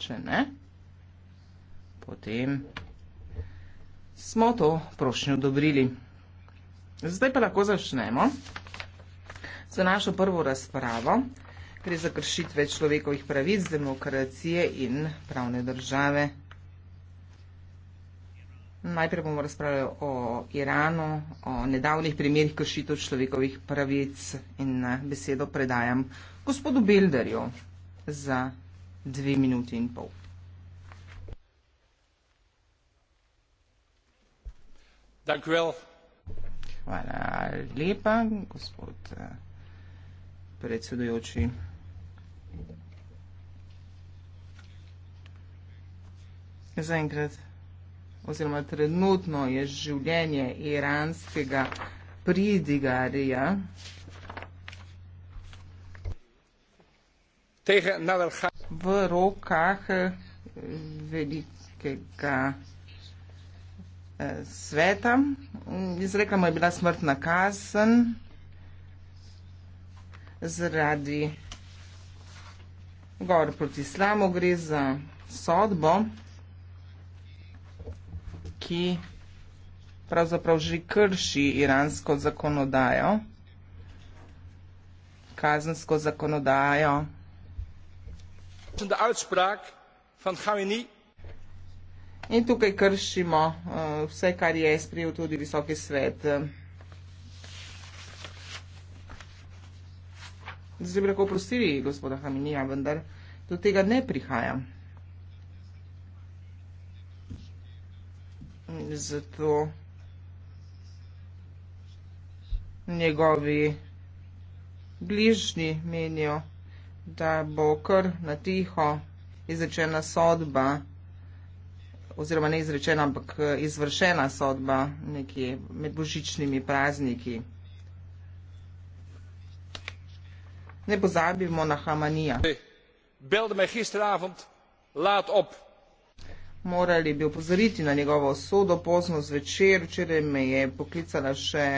če ne, potem smo to prošnjo odobrili. Zdaj pa lahko začnemo za našo prvo razpravo, gre za kršitve človekovih pravic, demokracije in pravne države. Najprej bomo razpravljali o Iranu, o nedavnih primerih kršitev človekovih pravic in besedo predajam gospodu Bilderju za dve minuti in pol. Hvala lepa, gospod eh, predsedujoči. Zaenkrat, oziroma trenutno je življenje iranskega pridigarja v rokah eh, velikega eh, sveta. Izreka mu je bila smrtna kazen zaradi govor proti islamu. Gre za sodbo, ki pravzaprav že krši iransko zakonodajo, kazensko zakonodajo, tussen de uitspraak van Khamenei. In tukaj kršimo uh, vse, kar je sprijel tudi visoki svet. Zdaj bi lahko prosili gospoda Haminija, vendar do tega ne prihaja. Zato njegovi bližnji menijo, da bo kar na tiho izrečena sodba, oziroma ne izrečena, ampak eh, izvršena sodba nekje med božičnimi prazniki. Ne pozabimo na Hamanija. Belde me gisteravond laat op. Morali bi opozoriti na njegovo sodo pozno zvečer, včeraj me je poklicala še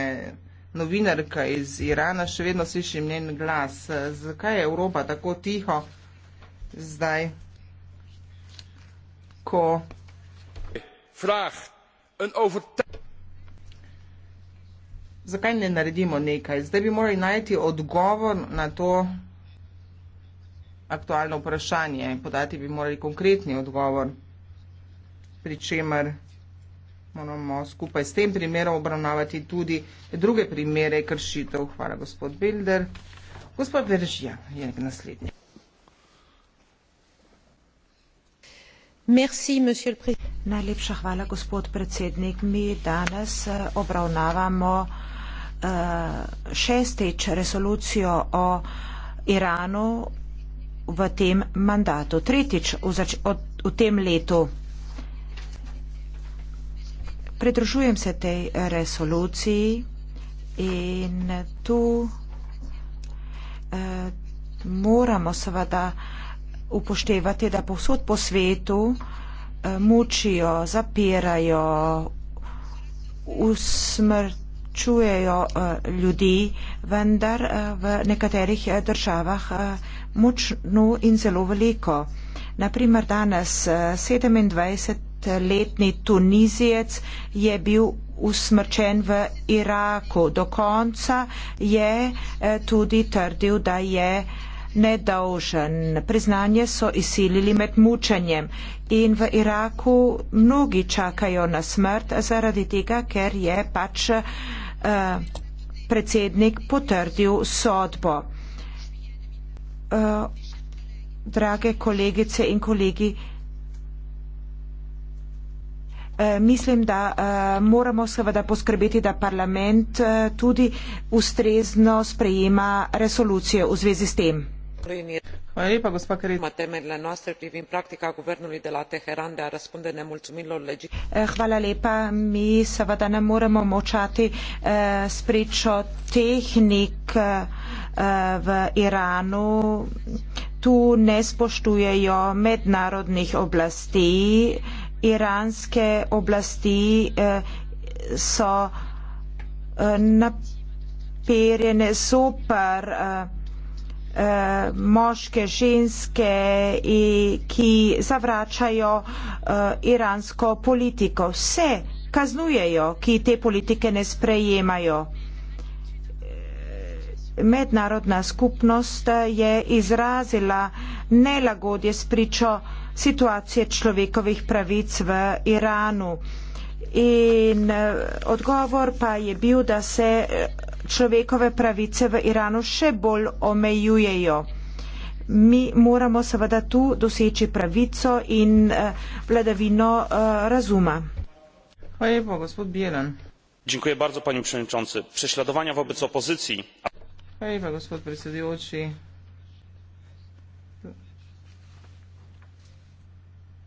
novinarka iz Irana, še vedno slišim njen glas. Zakaj je Evropa tako tiho zdaj, ko. Vraag, Zakaj ne naredimo nekaj? Zdaj bi morali najti odgovor na to aktualno vprašanje. Podati bi morali konkretni odgovor, pri čemer moramo skupaj s tem primerom obravnavati tudi druge primere kršitev. Hvala, gospod Bilder. Gospod Veržija je naslednji. Merci, Najlepša hvala, gospod predsednik. Mi danes eh, obravnavamo eh, šestič resolucijo o Iranu v tem mandatu. Tretjič v, v tem letu. Pridružujem se tej resoluciji in tu eh, moramo seveda upoštevati, da povsod po svetu eh, mučijo, zapirajo, usmrčujejo eh, ljudi, vendar v nekaterih državah močno in zelo veliko. Naprimer danes 27 30-letni tunizijec je bil usmrčen v Iraku. Do konca je eh, tudi trdil, da je nedolžen. Priznanje so izsilili med mučenjem in v Iraku mnogi čakajo na smrt zaradi tega, ker je pač uh, predsednik potrdil sodbo. Uh, drage kolegice in kolegi, uh, Eh, mislim, da eh, moramo seveda poskrbeti, da parlament eh, tudi ustrezno sprejema resolucije v zvezi s tem. Hvala lepa, gospa Karit. Hvala lepa, mi seveda ne moremo močati eh, spričo tehnik eh, v Iranu. Tu ne spoštujejo mednarodnih oblasti. Eh, iranske oblasti eh, so eh, naperjene super eh, moške, ženske, ki zavračajo iransko politiko. Vse kaznujejo, ki te politike ne sprejemajo. Mednarodna skupnost je izrazila nelagodje s pričo situacije človekovih pravic v Iranu. In eh, odgovor pa je bil, da se eh, človekove pravice v Iranu še bolj omejujejo. Mi moramo seveda tu doseči pravico in eh, vladavino razuma. Hvala lepa, gospod Bielan. Dziękuję bardzo, panie przewodniczący. Prześladowania wobec opozycji. Hej, gospod przewodniczący.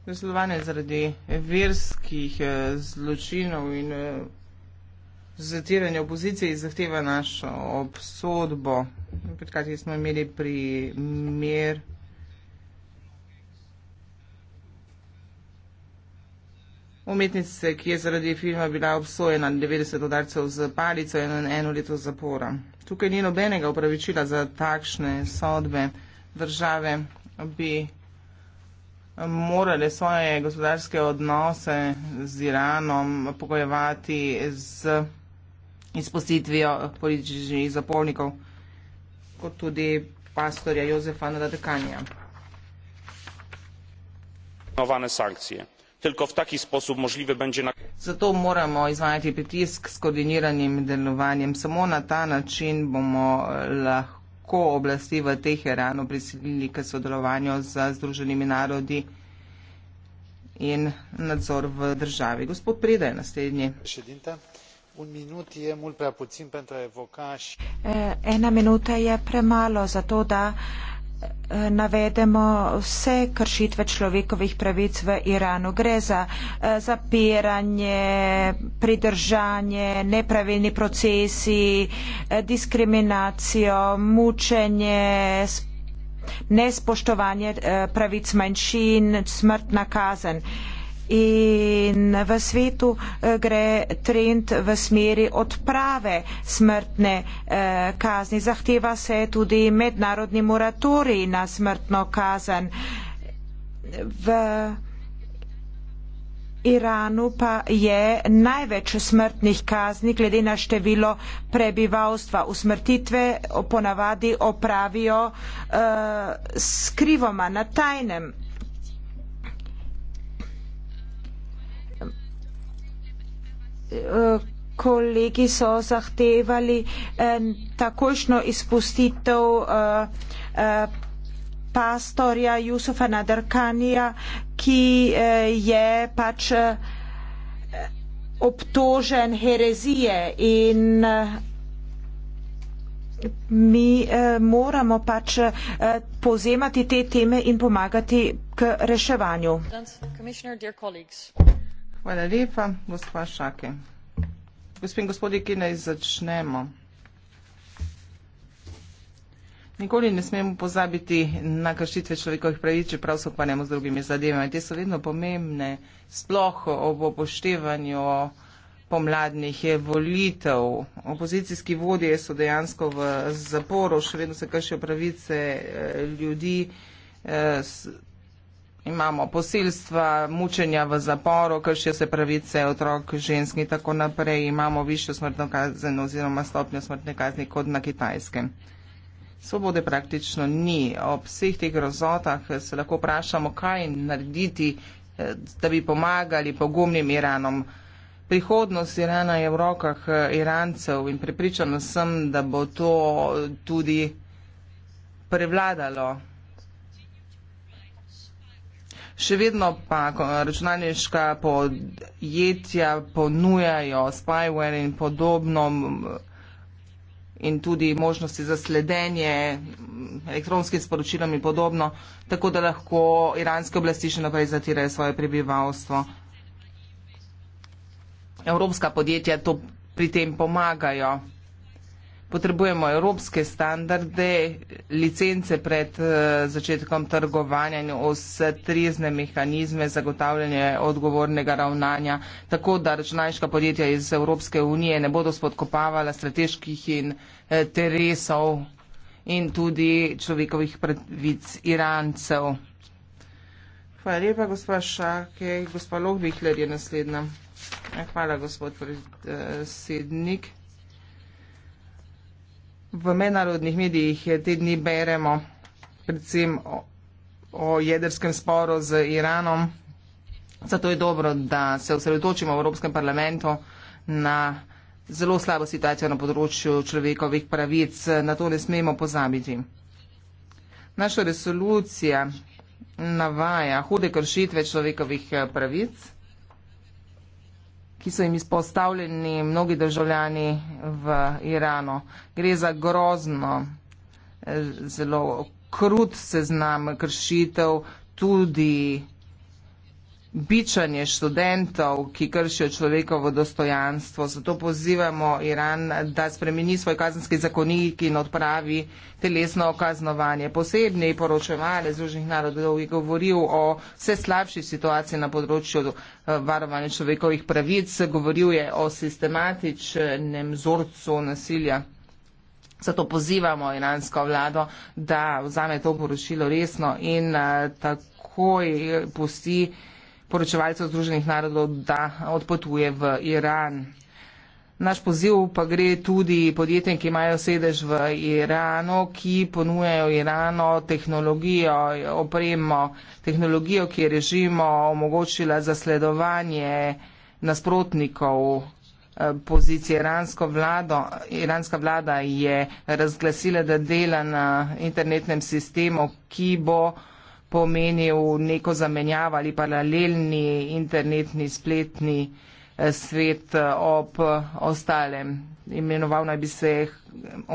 zasledovanje zaradi verskih eh, zločinov in eh, zatiranja opozicije zahteva našo obsodbo. Predkrat smo imeli primer umetnice, ki je zaradi filma bila obsojena 90 udarcev z palico in eno leto zapora. Tukaj ni nobenega upravičila za takšne sodbe države bi morali svoje gospodarske odnose z Iranom pogojevati z izpustitvijo političnih zapornikov, kot tudi pastorja Jozefa Nadekanja. Sankcije. Tylko v taki sposób możliwy będzie na... Zato moramo izvajati pritisk s koordiniranim delovanjem. Samo na ta način bomo lahko tako oblasti v Teheranu prisilili k sodelovanju z Združenimi narodi in nadzor v državi. Gospod Preda je naslednji. E eh, ena minuta je premalo za to, da navedemo vse kršitve človekovih pravic v Iranu. Gre za eh, zapiranje, pridržanje, nepravilni procesi, eh, diskriminacijo, mučenje, nespoštovanje eh, pravic manjšin, smrtna kazen in v svetu eh, gre trend v smeri odprave smrtne eh, kazni. Zahteva se tudi mednarodni moratorij na smrtno kazen. V Iranu pa je največ smrtnih kazni glede na število prebivalstva. Usmrtitve ponavadi opravijo uh, skrivoma na tajnem. kolegi so zahtevali eh, takošno izpustitev eh, eh, pastorja Jusufa Nadarkanija, ki je pač obtožen herezije in mi moramo pač pozemati te teme in pomagati k reševanju. Dan, Hvala lepa, gospa Šake. Gospe in gospodje, kje naj začnemo? Nikoli ne smemo pozabiti na kršitve človekovih pravic, čeprav se ukvarjamo z drugimi zadevami. Te so vedno pomembne, sploh ob upoštevanju pomladnih je volitev. Opozicijski vodje so dejansko v zaporu, še vedno se kršijo pravice eh, ljudi. Eh, imamo posilstva, mučenja v zaporu, kršijo se pravice otrok, ženski in tako naprej, imamo višjo smrtno kazen oziroma stopnjo smrtne kazni kot na kitajskem. Svobode praktično ni. Ob vseh teh grozotah se lahko vprašamo, kaj narediti, eh, da bi pomagali pogumnim Iranom. Prihodnost Irana je v rokah eh, Irancev in pripričano sem, da bo to tudi prevladalo. Še vedno pa računalniška podjetja ponujajo spyware in podobno in tudi možnosti za sledenje elektronskim sporočilom in podobno, tako da lahko iranske oblasti še naprej zatirajo svoje prebivalstvo. Evropska podjetja to pri tem pomagajo potrebujemo evropske standarde, licence pred eh, začetkom trgovanja in ustrezne mehanizme zagotavljanja odgovornega ravnanja, tako da računalniška podjetja iz Evropske unije ne bodo spodkopavala strateških interesov eh, in tudi človekovih pravic Irancev. Hvala lepa, gospod Šakej. Gospod Lohvihler je naslednja. Eh, hvala, gospod predsednik. Eh, V mednarodnih medijih te dni beremo predvsem o, o jedrskem sporu z Iranom. Zato je dobro, da se osredotočimo v Evropskem parlamentu na zelo slabo situacijo na področju človekovih pravic. Na to ne smemo pozabiti. Naša resolucija navaja hude kršitve človekovih pravic ki so jim izpostavljeni mnogi državljani v Iranu. Gre za grozno, eh, zelo krut seznam kršitev, tudi bičanje študentov, ki kršijo človekovo dostojanstvo. Zato pozivamo Iran, da spremeni svoj kazenski zakonik in odpravi telesno kaznovanje. Posebni poročevalec Združenih narodov je govoril o vse slabši situaciji na področju eh, varovanja človekovih pravic, govoril je o sistematičnem vzorcu nasilja. Zato pozivamo iransko vlado, da vzame to poročilo resno in eh, takoj pusti poročevalcev Združenih narodov, da odpotuje v Iran. Naš poziv pa gre tudi podjetjem, ki imajo sedež v Iranu, ki ponujajo Irano tehnologijo, opremo, tehnologijo, ki je režimo omogočila zasledovanje nasprotnikov eh, pozicije. Iransko vlado, iranska vlada je razglasila, da dela na internetnem sistemu, ki bo pomenil neko zamenjavo ali paralelni internetni spletni eh, svet eh, ob eh, ostalem. Imenoval naj bi se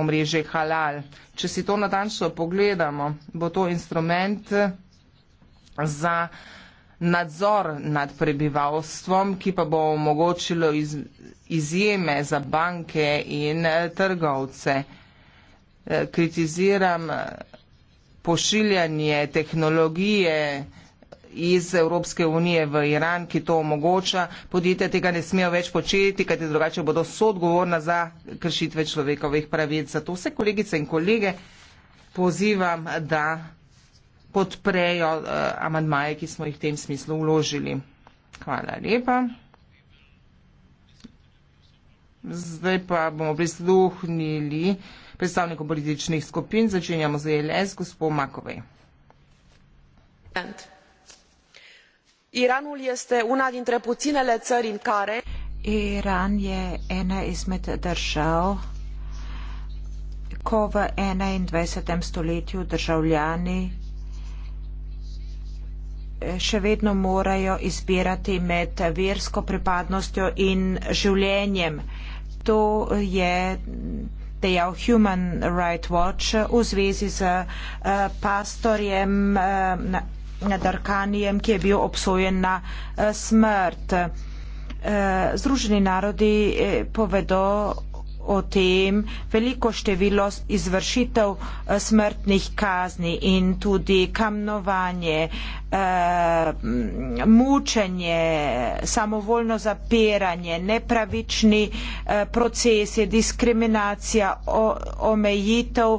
omrežje halal. Če si to natančno pogledamo, bo to instrument za nadzor nad prebivalstvom, ki pa bo omogočilo iz, izjeme za banke in trgovce. Kritiziram pošiljanje tehnologije iz Evropske unije v Iran, ki to omogoča. Podjetja tega ne smejo več početi, kajti drugače bodo soodgovorna za kršitve človekovih pravic. Zato vse kolegice in kolege pozivam, da podprejo uh, amandmaje, ki smo jih v tem smislu vložili. Hvala lepa. Zdaj pa bomo prisluhnili uh, predstavnikov političnih skupin. Začenjamo z ELS, gospod Makovej. Iranul este una dintre puținele țări în care... Iran e ena izmed držav, ko v 21. stoletju državljani eh, še vedno morajo izbirati med versko pripadnostjo in življenjem. To je dejal Human Rights Watch v zvezi z eh, pastorjem eh, Darkanijem, ki je bil obsojen na eh, smrt. Združeni narodi povedo o tem veliko število izvršitev eh, smrtnih kazni in tudi kamnovanje, eh, mučenje, samovoljno zapiranje, nepravični eh, procesi, diskriminacija, omejitev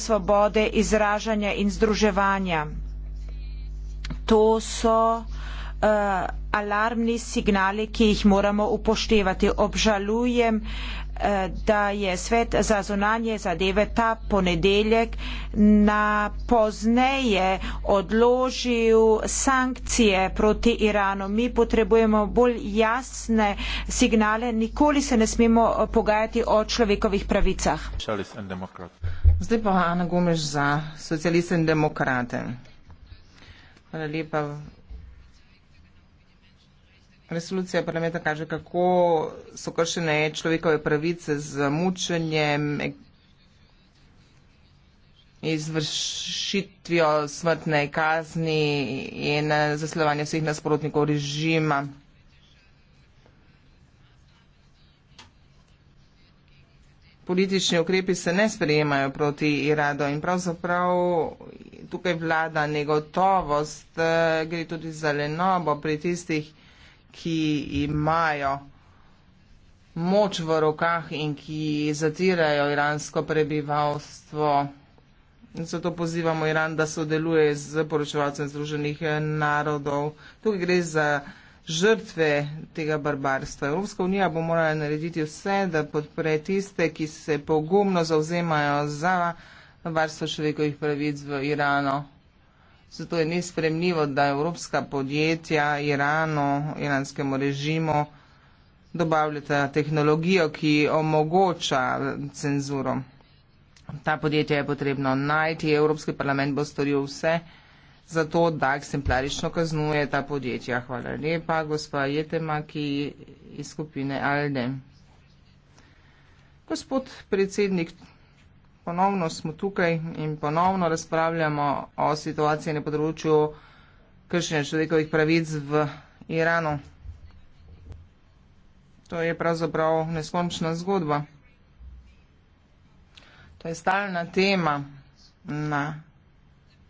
svobode izražanja in združevanja. To so alarmni signali, ki jih moramo upoštevati. Obžalujem uh, da je svet za zunanje zadeve ta ponedeljek na pozneje odložil sankcije proti Iranu. Mi potrebujemo bolj jasne signale, nikoli se ne smemo pogajati o človekovih pravicah. Zdaj pa Ana Gumeš za socialiste in demokrate. Hvala lepa, Resolucija parlamenta kaže, kako so kršene človekove pravice z mučenjem, izvršitvijo smrtne kazni in zaslovanje vseh nasprotnikov režima. Politični ukrepi se ne sprejemajo proti Irado in pravzaprav tukaj vlada negotovost, gre tudi za lenobo pri tistih, ki so vsega ki imajo moč v rokah in ki zatirajo iransko prebivalstvo. Zato pozivamo Iran, da sodeluje z poročevalcem Združenih narodov. Tukaj gre za žrtve tega barbarstva. Evropska unija bo morala narediti vse, da podpre tiste, ki se pogumno zauzemajo za varstvo človekovih pravic v Iranu. Zato je nespremljivo, da evropska podjetja Iranu, iranskemu režimu dobavljata tehnologijo, ki omogoča cenzuro. Ta podjetja je potrebno najti. Evropski parlament bo storil vse za to, da eksemplarično kaznuje ta podjetja. Hvala lepa, gospa Jetemaki iz skupine Alde. Gospod predsednik. Ponovno smo tukaj in ponovno razpravljamo o situaciji na področju kršenja človekovih pravic v Iranu. To je pravzaprav neskončna zgodba. To je stalna tema na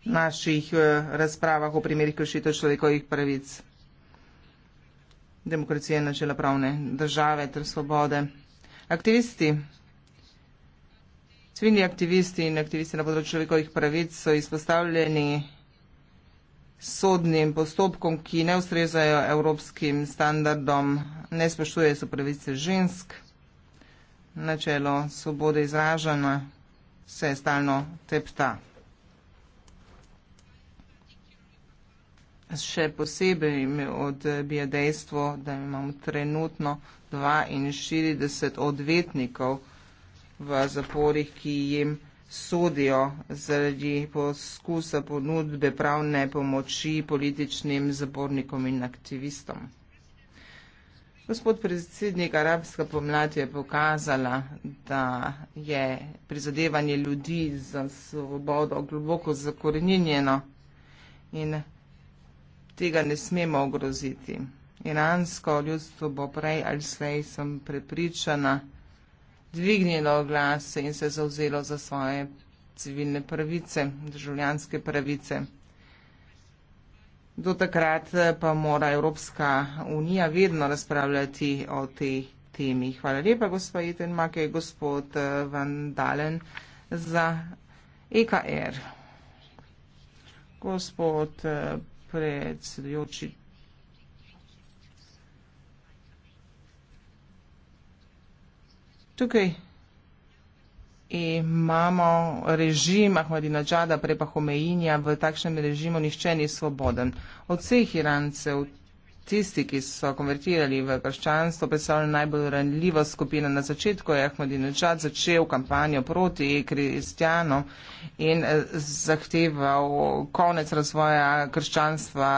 naših eh, razpravah o primerih kršitev človekovih pravic. Demokracija je načela pravne države ter svobode. Aktivisti Civilni aktivisti in aktivisti na področju človekovih pravic so izpostavljeni sodnim postopkom, ki ne ustrezajo evropskim standardom, ne spoštuje so pravice žensk, načelo svobode izražanja se stalno tepta. Še posebej mi odbija dejstvo, da imamo trenutno 42 odvetnikov, v zaporih, ki jim sodijo zaradi poskusa ponudbe pravne pomoči političnim zapornikom in aktivistom. Gospod predsednik, arabska pomlad je pokazala, da je prizadevanje ljudi za svobodo globoko zakorenjeno in tega ne smemo ogroziti. Iransko ljudstvo bo prej ali slej, sem prepričana, dvignilo glas in se zauzelo za svoje civilne pravice, državljanske pravice. Do takrat pa mora Evropska unija vedno razpravljati o tej temi. Hvala lepa, gospod Itenmak, eh, je gospod Van Dalen za EKR. Gospod eh, predsedujoči. Tukaj imamo režim Ahmadinejada, prej pa Homeinja, v takšnem režimu nihče ni svoboden. Od vseh Irancev, tisti, ki so konvertirali v krščanstvo, predstavljajo najbolj ranljivo skupino. Na začetku je Ahmadinejad začel kampanjo proti kristjanom in eh, zahteval konec razvoja krščanstva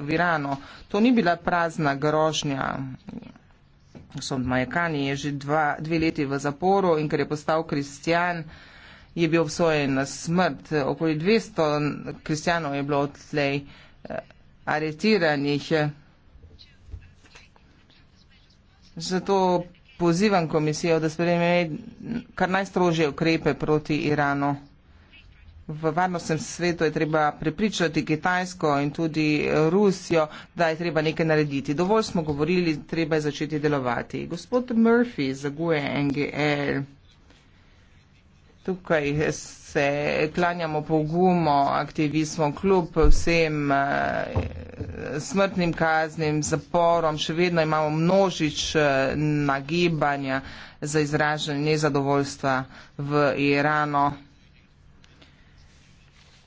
v Iranu. To ni bila prazna grožnja so majkani, je že dva, dve leti v zaporu in ker je postal kristjan, je bil obsojen na smrt. Okoli 200 kristjanov je bilo odtlej eh, aretiranih. Zato pozivam komisijo, da sprejme kar najstrožje ukrepe proti Iranu. V varnostnem svetu je treba prepričati Kitajsko in tudi Rusijo, da je treba nekaj narediti. Dovolj smo govorili, treba je začeti delovati. Gospod Murphy zaguje NGL. Tukaj se klanjamo pogumo aktivismo kljub vsem eh, smrtnim kaznim, zaporom. Še vedno imamo množič eh, nagibanja za izražanje nezadovoljstva v Iranu.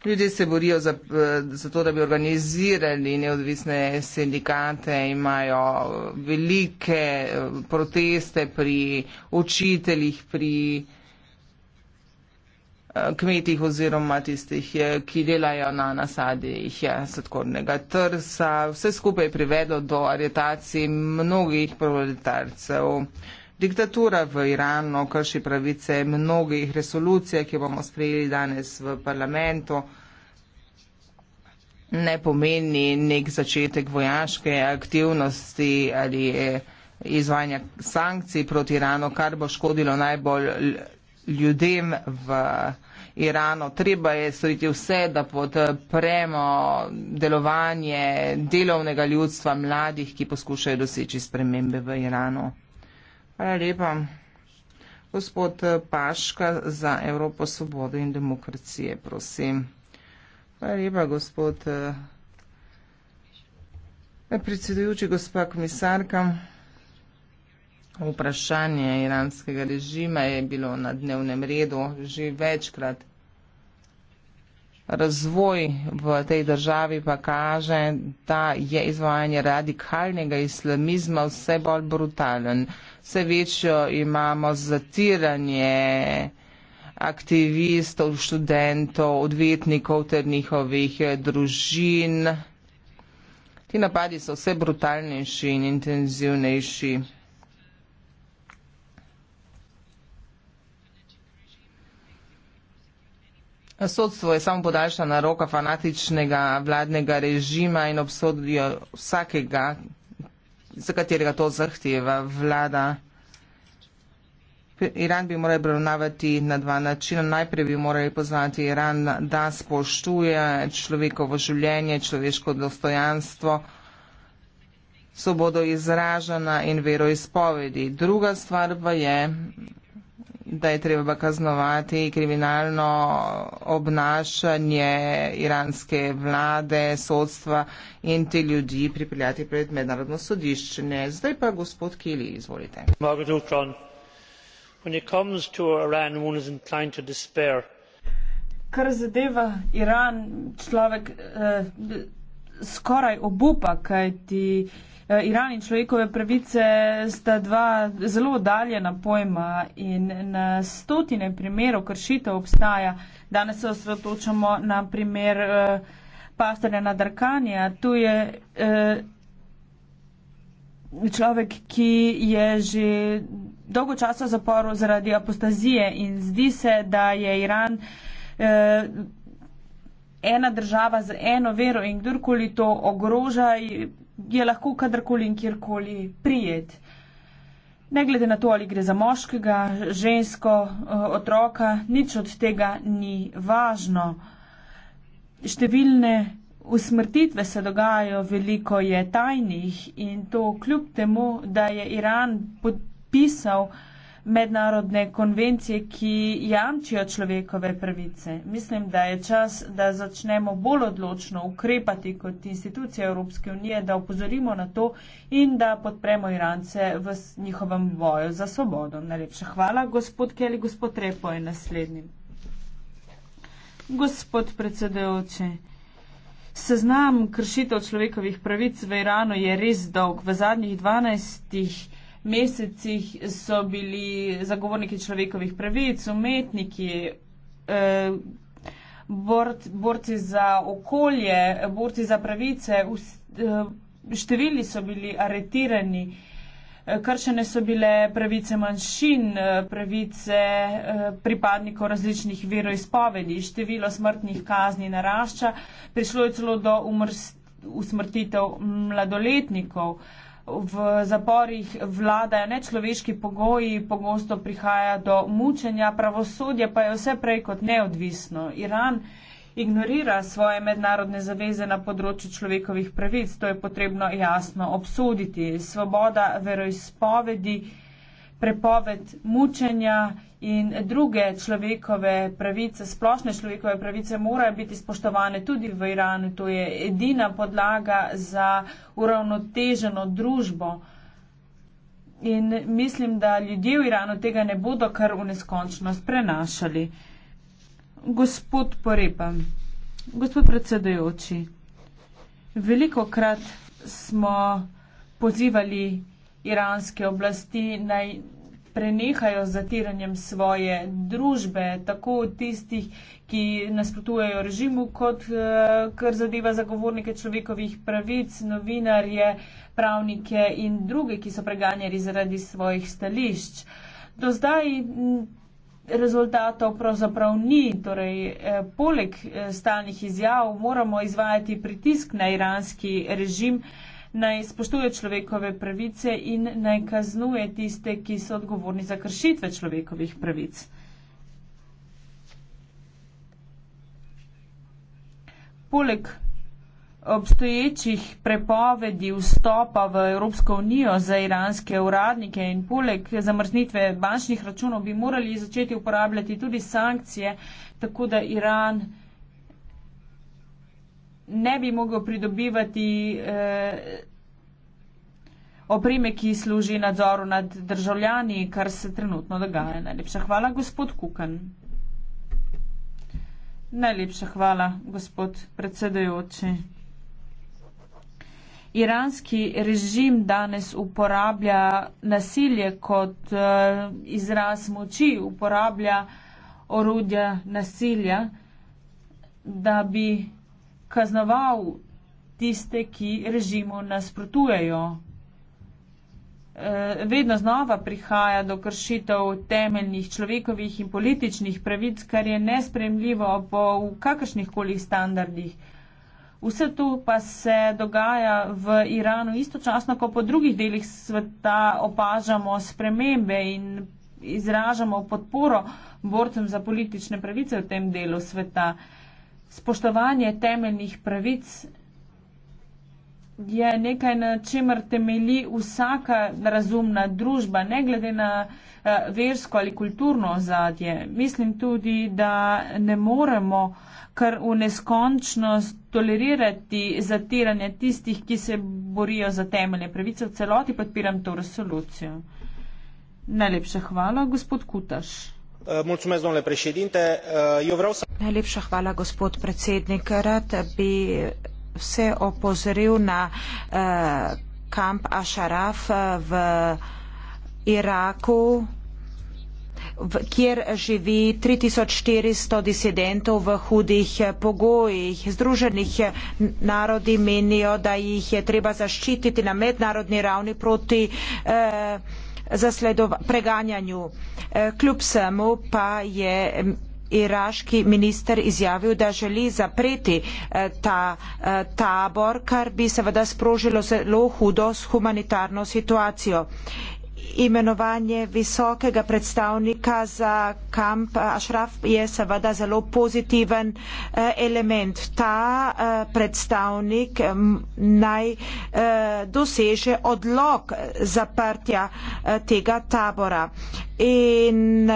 Ljudje se borijo za, eh, za to, da bi organizirali neodvisne sindikate, imajo eh, velike eh, proteste pri učiteljih, pri kmetih oziroma tistih, ki delajo na nasadih sladkornega trsa. Vse skupaj je privedlo do aretacij mnogih proletarcev. Diktatura v Iranu krši pravice mnogih resolucij, ki bomo sprejeli danes v parlamentu, ne pomeni nek začetek vojaške aktivnosti ali eh, izvajanja sankcij proti Iranu, kar bo škodilo najbolj ljudem v Iranu. Treba je storiti vse, da podpremo delovanje delovnega ljudstva mladih, ki poskušajo doseči spremembe v Iranu. Hvala lepa. Gospod Paška za Evropo, Svobodo in demokracije, prosim. Hvala lepa, gospod eh, predsedujoči, gospa komisarka. Vprašanje iranskega režima je bilo na dnevnem redu že večkrat razvoj v tej državi pa kaže, da je izvajanje radikalnega islamizma vse bolj brutalen. Vse večjo imamo zatiranje aktivistov, študentov, odvetnikov ter njihovih družin. Ti napadi so vse brutalnejši in intenzivnejši. Sodstvo je samo podaljšana roka fanatičnega vladnega režima in obsodijo vsakega, za katerega to zahteva vlada. Iran bi morali obravnavati na dva načina. Najprej bi morali pozvati Iran, da spoštuje človekovo življenje, človeško dostojanstvo, svobodo izražanja in veroizpovedi. Druga stvar pa je da je treba kaznovati kriminalno obnašanje iranske vlade, sodstva in te ljudi pripeljati pred mednarodno sodiščenje. Zdaj pa gospod Kili, izvolite. Kar zadeva Iran, človek eh, skoraj obupa, kajti eh, Eh, Iran in človekove pravice sta dva zelo oddaljena pojma in na stotine primerov kršitev obstaja. Danes se osredotočamo na primer eh, pastorja Nadarkanja. Tu je eh, človek, ki je že dolgo časa zaporu zaradi apostazije in zdi se, da je Iran ena država z eno vero in kdorkoli to ogroža. Je, je lahko kadarkoli in kjerkoli prijet. Ne glede na to, ali gre za moškega, žensko, eh, otroka, nič od tega ni važno. Številne usmrtitve se dogajajo, veliko je tajnih in to kljub temu, da je Iran podpisal mednarodne konvencije, ki jamčijo človekove pravice. Mislim, da je čas, da začnemo bolj odločno ukrepati kot institucije Evropske unije, da opozorimo na to in da podpremo Irance v njihovem boju za svobodo. Najlepša hvala, gospod Keli, gospod Repo je naslednji. Gospod predsedujoče. Seznam kršitev človekovih pravic v Iranu je res dolg. V zadnjih 12 mesecih so bili zagovorniki človekovih pravic, umetniki, eh, borci za okolje, borci za pravice, eh, številni so bili aretirani, eh, kršene so bile pravice manjšin, pravice pripadnikov različnih veroizpovedi, število smrtnih kazni narašča, prišlo je celo do umrstitev mladoletnikov v zaporih vladajo nečloveški pogoji, pogosto prihaja do mučenja, pravosodje pa je vse prej kot neodvisno. Iran ignorira svoje mednarodne zaveze na področju človekovih pravic, to je potrebno jasno obsoditi. Svoboda veroizpovedi prepoved mučenja in druge človekove pravice, splošne človekove pravice morajo biti spoštovane tudi v Iranu. To je edina podlaga za uravnoteženo družbo. In mislim, da ljudje v Iranu tega ne bodo kar v neskončnost prenašali. Gospod Porepa, gospod predsedujoči, veliko krat smo pozivali iranske oblasti naj prenehajo z zatiranjem svoje družbe, tako tistih, ki nasprotujejo režimu, kot eh, kar zadeva zagovornike človekovih pravic, novinarje, pravnike in druge, ki so preganjali zaradi svojih stališč. Do zdaj rezultatov pravzaprav ni, torej eh, poleg eh, stalnih izjav moramo izvajati pritisk na iranski režim naj spoštuje človekove pravice in naj kaznuje tiste, ki so odgovorni za kršitve človekovih pravic. Poleg obstoječih prepovedi vstopa v Evropsko unijo za iranske uradnike in poleg zamrznitve bančnih računov bi morali začeti uporabljati tudi sankcije, tako da Iran ne bi mogel pridobivati eh, opreme, ki služi nadzoru nad državljani, kar se trenutno dogaja. Najlepša hvala, gospod Kukan. Najlepša hvala, gospod predsedajoči. Iranski režim danes uporablja nasilje kot eh, izraz moči, uporablja orodja nasilja, da bi kaznoval tiste, ki režimu nasprotujejo. E, vedno znova prihaja do kršitev temeljnih človekovih in političnih pravic, kar je nespremljivo po kakršnih koli standardih. Vse to pa se dogaja v Iranu istočasno, ko po drugih delih sveta opažamo spremembe in izražamo podporo borcem za politične pravice v tem delu sveta spoštovanje temeljnih pravic je nekaj, na čemer temelji vsaka razumna družba, ne glede na eh, versko ali kulturno ozadje. Mislim tudi, da ne moremo kar v neskončnost tolerirati zatiranje tistih, ki se borijo za temeljne pravice. V celoti podpiram to resolucijo. Najlepša hvala, gospod Kutaš. Eh, eh, Najlepša hvala, gospod predsednik. Rad bi vse opozoril na eh, kamp Ašaraf v Iraku, kjer živi 3400 disidentov v hudih pogojih. Združenih narodi menijo, da jih je treba zaščititi na mednarodni ravni proti eh, preganjanju. E, kljub vsemu pa je iraški minister izjavil, da želi zapreti e, ta e, tabor, kar bi seveda sprožilo zelo hudo humanitarno situacijo. Imenovanje visokega predstavnika za kamp Ašraf je seveda zelo pozitiven eh, element. Ta eh, predstavnik naj eh, doseže odlog zaprtja tega tabora. In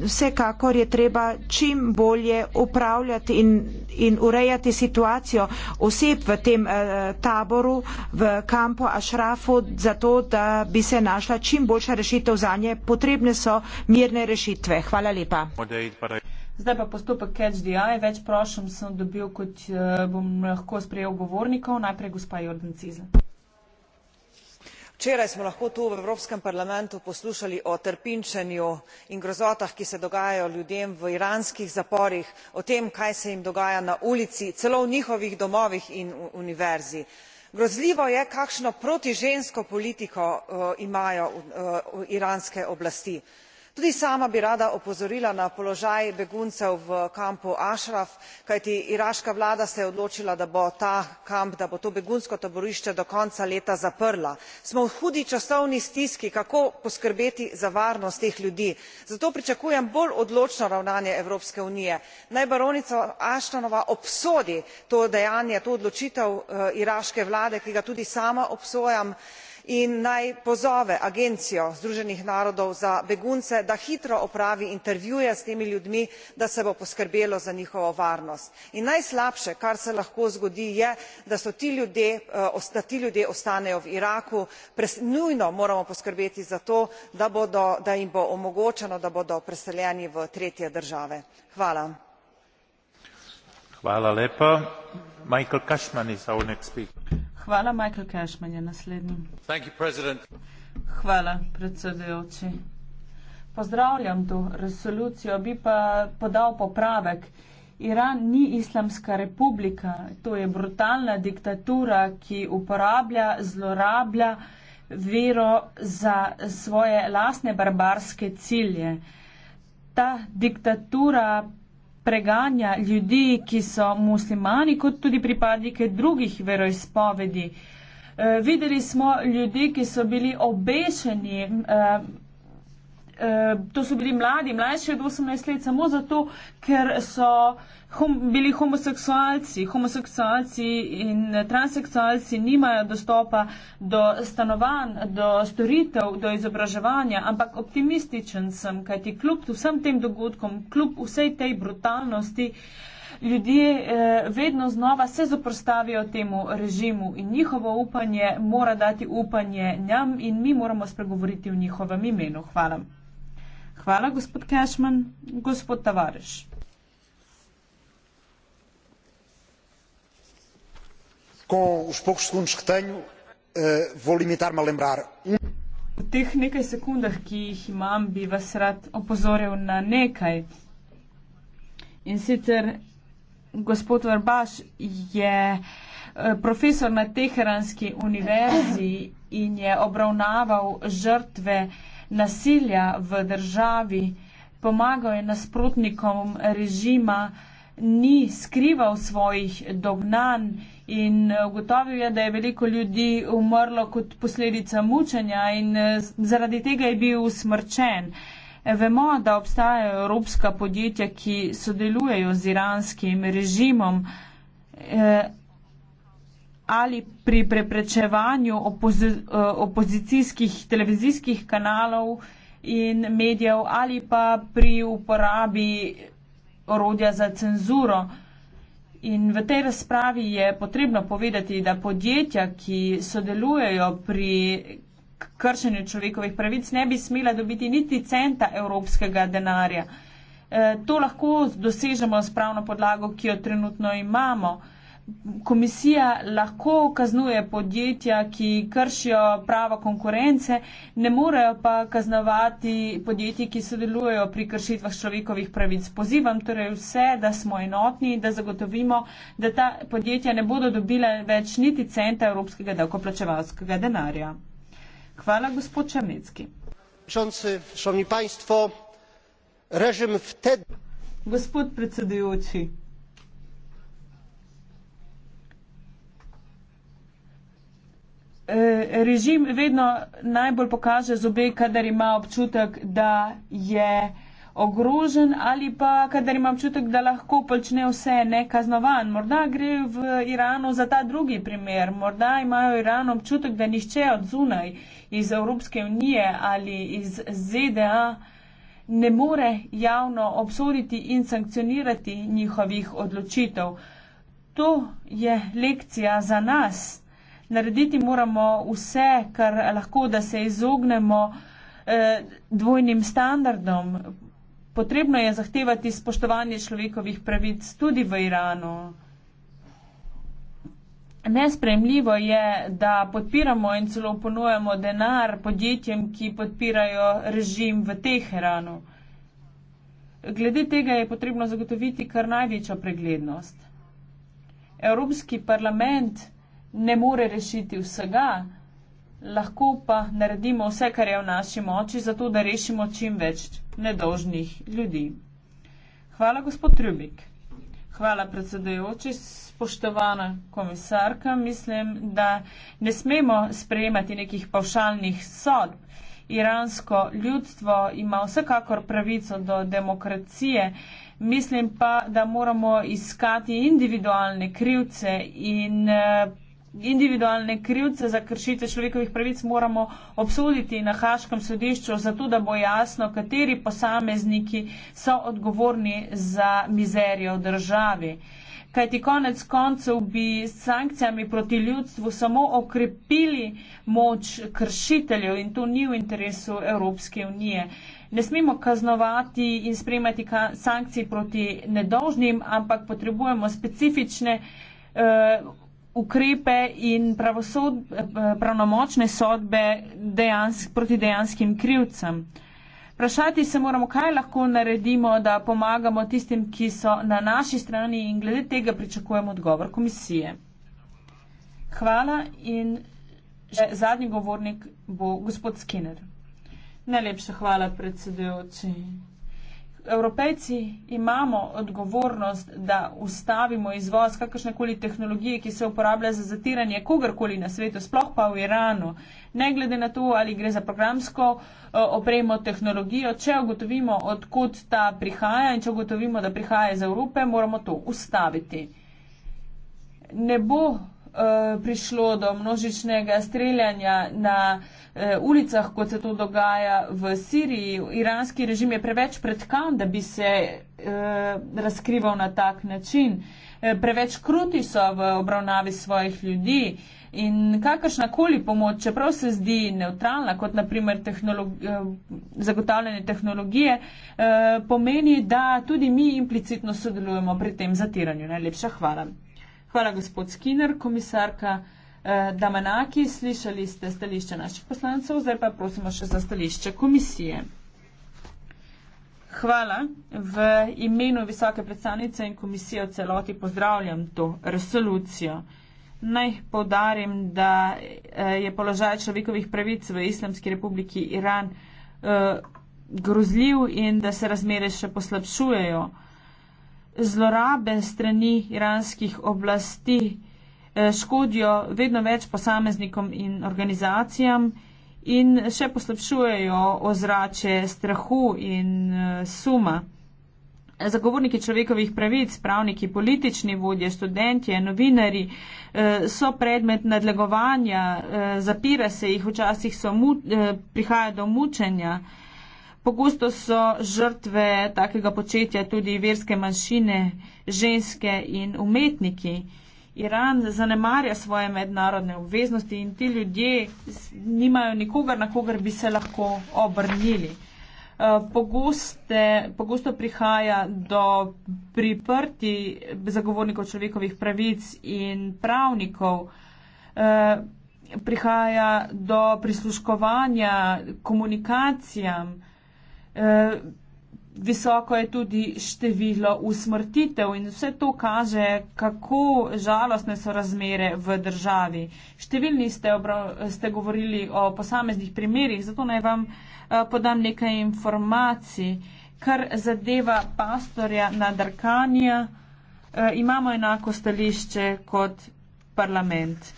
vsekakor je treba čim bolje upravljati in, in urejati situacijo oseb v tem eh, taboru, v kampu Ašrafu, zato da bi se našla čim boljša rešitev za nje. Potrebne so mirne rešitve. Hvala lepa. Zdaj pa postopek Catch the Eye. Več prošem sem dobil, kot eh, bom lahko sprejel govornikov. Najprej gospa Jordan Cizl včeraj smo lahko tu v evropskem parlamentu poslušali o trpinčenju in grozotah ki se dogajajo ljudem v iranskih zaporih o tem kaj se jim dogaja na ulici celo v njihovih domovih in univerzi. grozljivo je kakšno protižensko politiko eh, imajo eh, iranske oblasti tudi sama bi rada opozorila na položaj beguncev v kampu ashraf kajti iraška vlada se je odločila da bo ta kamp da bo to begunsko taborišče do konca leta zaprla smo v hudi časovni stiski kako poskrbeti za varnost teh ljudi zato pričakujem bolj odločno ravnanje evropske unije naj baronica ashtonova obsodi to dejanje to odločitev eh, iraške vlade ki ga tudi sama obsojam in naj pozove agencijo združenih narodov za begunce da hitro opravi intervjuje s temi ljudmi da se bo poskrbelo za njihovo varnost. in najslabše kar se lahko zgodi je da eh, ti ljudje ostanejo v iraku nujno moramo poskrbeti za to da jim bo omogočeno da bodo preseljeni v tretje države hvala lepa michael cashman is our next speaker hvala michael cashman je naslednji thank you president hvala predsedujoči pozdravljam to resolucijo bi pa podal popravek Iran ni islamska republika, to je brutalna diktatura, ki uporablja, zlorablja vero za svoje lasne barbarske cilje. Ta diktatura preganja ljudi, ki so muslimani, kot tudi pripadnike drugih veroizpovedi. Eh, videli smo ljudi, ki so bili obešeni, eh, Eh, to so bili mladi, mlajši od 18 let, samo zato, ker so hom bili homoseksualci. Homoseksualci in transseksualci nimajo dostopa do stanovanj, do storitev, do izobraževanja, ampak optimističen sem, kajti kljub vsem tem dogodkom, kljub vsej tej brutalnosti. Ljudje eh, vedno znova se zoprstavijo temu režimu in njihovo upanje mora dati upanje njam in mi moramo spregovoriti v njihovem imenu. Hvala. Hvala, gospod Kešman. Gospod Tavareš. Eh, um- v teh nekaj sekundah, ki jih imam, bi vas rad opozoril na nekaj. In sicer gospod Verbaš je eh, profesor na Teheranski univerzi in je obravnaval žrtve nasilja v državi, pomagal je nasprotnikom režima, ni skrival svojih dognanj in eh, ugotovil je, da je veliko ljudi umrlo kot posledica mučenja in eh, zaradi tega je bil usmrčen. Vemo, da obstajajo evropska podjetja, ki sodelujejo z iranskim režimom. Eh, ali pri preprečevanju opozi eh, opozicijskih televizijskih kanalov in medijev ali pa pri uporabi orodja za cenzuro. In v tej razpravi je potrebno povedati, da podjetja, ki sodelujejo pri kršenju človekovih pravic, ne bi smela dobiti niti centa evropskega denarja. E, to lahko dosežemo s pravno podlago, ki jo trenutno imamo komisija lahko kaznuje podjetja, ki kršijo prava konkurence, ne morejo pa kaznovati podjetij, ki sodelujejo pri kršitvah človekovih pravic. Pozivam torej vse, da smo enotni, da zagotovimo, da ta podjetja ne bodo dobile več niti centa evropskega davkoplačevalskega denarja. Hvala, gospod Črnecki. Gospod predsedujoči, Eh, režim vedno najbolj pokaže zobe, kadar ima občutek, da je ogrožen ali pa kadar ima občutek, da lahko počne vse nekaznovan. Morda gre v Iranu za ta drugi primer. Morda imajo v Iranu občutek, da nihče od zunaj iz Evropske unije ali iz ZDA ne more javno obsoditi in sankcionirati njihovih odločitev. To je lekcija za nas, narediti moramo vse, kar lahko, da se izognemo eh, dvojnim standardom. Potrebno je zahtevati spoštovanje človekovih pravic tudi v Iranu. Nespremljivo je, da podpiramo in celo ponujemo denar podjetjem, ki podpirajo režim v Teheranu. Glede tega je potrebno zagotoviti kar največjo preglednost. Evropski parlament ne more rešiti vsega, lahko pa naredimo vse, kar je v naši moči, zato da rešimo čim več nedožnih ljudi. Hvala, gospod Trubik. Hvala, predsedajoči. Spoštovana komisarka, mislim, da ne smemo sprejemati nekih pavšalnih sodb. Iransko ljudstvo ima vsekakor pravico do demokracije, mislim pa, da moramo iskati individualne krivce in eh, individualne krivce za kršitve človekovih pravic moramo obsoditi na Haškem sodišču, zato da bo jasno, kateri posamezniki so odgovorni za mizerijo v državi. Kajti konec koncev bi s sankcijami proti ljudstvu samo okrepili moč kršiteljev in to ni v interesu Evropske unije. Ne smemo kaznovati in sprejemati ka sankcij proti nedolžnim, ampak potrebujemo specifične. Uh, ukrepe in pravosod, pravnomočne sodbe dejansk, proti dejanskim krivcem. Vprašati se moramo, kaj lahko naredimo, da pomagamo tistim, ki so na naši strani in glede tega pričakujemo odgovor komisije. Hvala in že zadnji govornik bo gospod Skinner. Najlepša hvala predsedujoči. Evropejci imamo odgovornost, da ustavimo izvoz kakršnekoli tehnologije, ki se uporablja za zatiranje kogarkoli na svetu, sploh pa v Iranu. Ne glede na to, ali gre za programsko eh, opremo, tehnologijo, če ugotovimo, odkud ta prihaja in če ugotovimo, da prihaja iz Evrope, moramo to ustaviti. Ne bo uh, prišlo do množičnega streljanja na uh, eh, ulicah, kot se to dogaja v Siriji. Iranski režim je preveč predkan, da bi se eh, razkrival na tak način. Eh, preveč kruti so v obravnavi svojih ljudi. In kakršna koli pomoč, čeprav se zdi neutralna, kot naprimer tehnologi eh, zagotavljanje tehnologije, eh, pomeni, da tudi mi implicitno sodelujemo pri tem zatiranju. Najlepša hvala. Hvala, gospod Skinner, komisarka eh, Damanaki. Slišali ste stališče naših poslancev, zdaj pa prosimo še za stališče komisije. Hvala. V imenu visoke predstavnice in komisije v celoti pozdravljam to resolucijo. Naj podarim, da eh, je položaj človekovih pravic v Islamski republiki Iran eh, grozljiv in da se razmere še poslabšujejo. Zlorabe strani iranskih oblasti eh, Eh, škodijo vedno več posameznikom in organizacijam in še poslabšujejo ozračje strahu in eh, suma. Zagovorniki človekovih pravic, pravniki, politični vodje, študentje, novinari eh, so predmet nadlegovanja, zapira se jih, včasih so, prihaja do mučenja. Pogosto so žrtve takega početja tudi verske manjšine, ženske in umetniki. Iran zanemarja svoje mednarodne obveznosti in ti ljudje nimajo nikogar, na kogar bi se lahko obrnili. Eh, pogoste, pogosto prihaja do priprti zagovornikov človekovih pravic in pravnikov, eh, prihaja do prisluškovanja komunikacijam. Eh, Visoko je tudi število usmrtitev in vse to kaže, kako žalostne so razmere v državi. Številni ste, ste govorili o posameznih primerjih, zato naj vam eh, podam nekaj informacij. Kar zadeva pastorja na Darkanija, eh, imamo enako stališče kot parlament.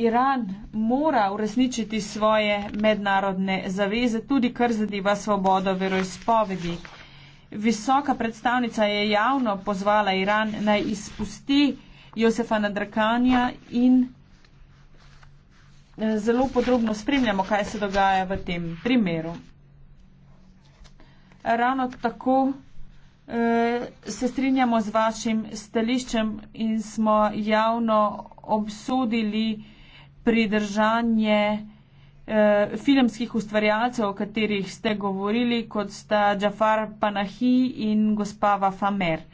Iran mora uresničiti svoje mednarodne zaveze, tudi kar zadeva svobodo veroizpovedi. Visoka predstavnica je javno pozvala Iran naj izpusti Josefa Nadrkanja in eh, zelo podrobno spremljamo, kaj se dogaja v tem primeru. Ravno tako eh, se strinjamo z vašim stališčem in smo javno obsodili, pridržanje eh, filmskih ustvarjalcev, o katerih ste govorili, kot sta Džafar Panahi in gospa Vafamer.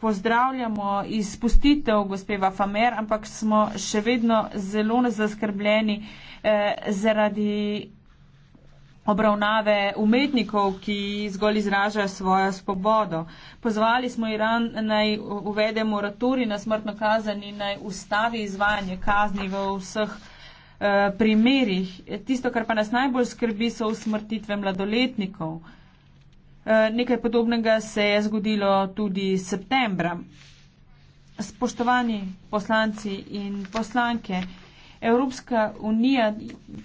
Pozdravljamo izpustitev gospe Vafamer, ampak smo še vedno zelo zaskrbljeni eh, zaradi obravnave umetnikov, ki zgolj izražajo svojo spobodo. Pozvali smo Iran naj uvede moratori na smrtno kazen in naj ustavi izvajanje kazni v vseh eh, primerih. Tisto, kar pa nas najbolj skrbi, so usmrtitve mladoletnikov. Eh, nekaj podobnega se je zgodilo tudi septembra. Spoštovani poslanci in poslanke, Evropska unija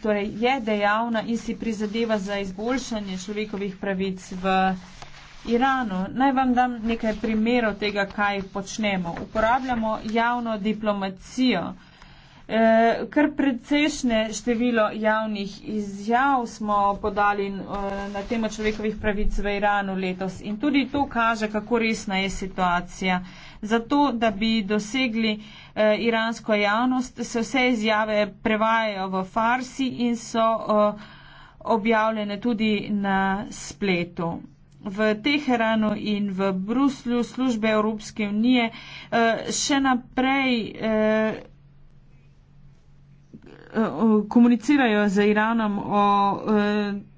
torej je dejavna in si prizadeva za izboljšanje človekovih pravic v Iranu. Naj vam dam nekaj primerov tega, kaj počnemo. Uporabljamo javno diplomacijo. Eh, kar precejšnje število javnih izjav smo podali eh, na temo človekovih pravic v Iranu letos in tudi to kaže, kako resna je situacija. Zato, da bi dosegli eh, iransko javnost, se vse izjave prevajajo v farsi in so eh, objavljene tudi na spletu. V Teheranu in v Bruslju službe Evropske unije eh, še naprej. Eh, komunicirajo z Iranom o e,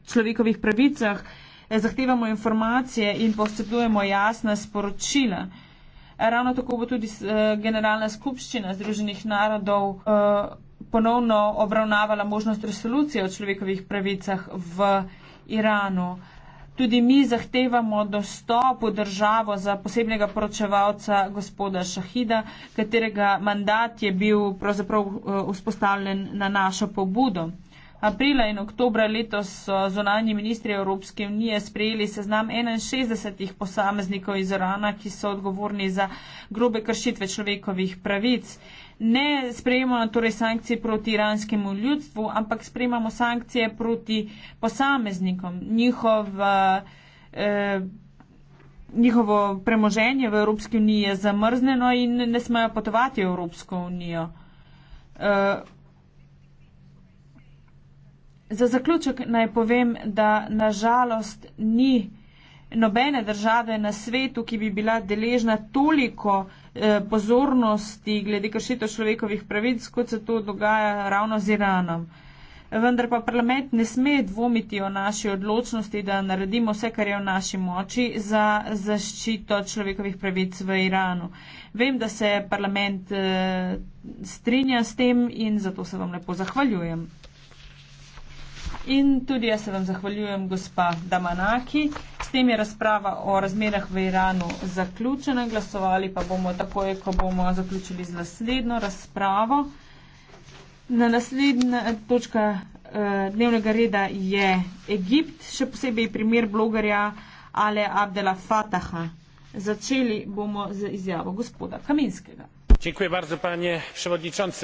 človekovih pravicah, e, zahtevamo informacije in posredujemo jasna sporočila. Ravno tako bo tudi e, Generalna skupščina Združenih narodov ponovno obravnavala možnost resolucije o človekovih pravicah v Iranu. Tudi mi zahtevamo dostop v državo za posebnega poročevalca gospoda Šahida, katerega mandat je bil pravzaprav eh, vzpostavljen na našo pobudo. Aprila in oktobra letos so zonalni ministri Evropske unije sprejeli seznam 61 posameznikov iz Irana, ki so odgovorni za grobe kršitve človekovih pravic. Ne sprejemamo torej sankcije proti iranskemu ljudstvu, ampak sprejemamo sankcije proti posameznikom. Njihov, eh, eh, njihovo premoženje v Evropski uniji je zamrzneno in ne smejo potovati v Evropsko unijo. Eh, Za zaključek naj povem, da nažalost ni nobene države na svetu, ki bi bila deležna toliko eh, pozornosti glede kršitev človekovih pravic, kot se to dogaja ravno z Iranom. Vendar pa parlament ne sme dvomiti o naši odločnosti, da naredimo vse, kar je v naši moči za zaščito človekovih pravic v Iranu. Vem, da se parlament eh, strinja s tem in zato se vam lepo zahvaljujem. In tudi jaz se vam zahvaljujem, gospa Damanaki. S tem je razprava o razmerah v Iranu zaključena. Glasovali pa bomo takoj, ko bomo zaključili z naslednjo razpravo. Na naslednja eh, točka eh, dnevnega reda je Egipt, še posebej primer blogerja Ale Abdela Fataha. Začeli bomo z izjavo gospoda Kaminskega. Dziękuję bardzo panie przewodniczący.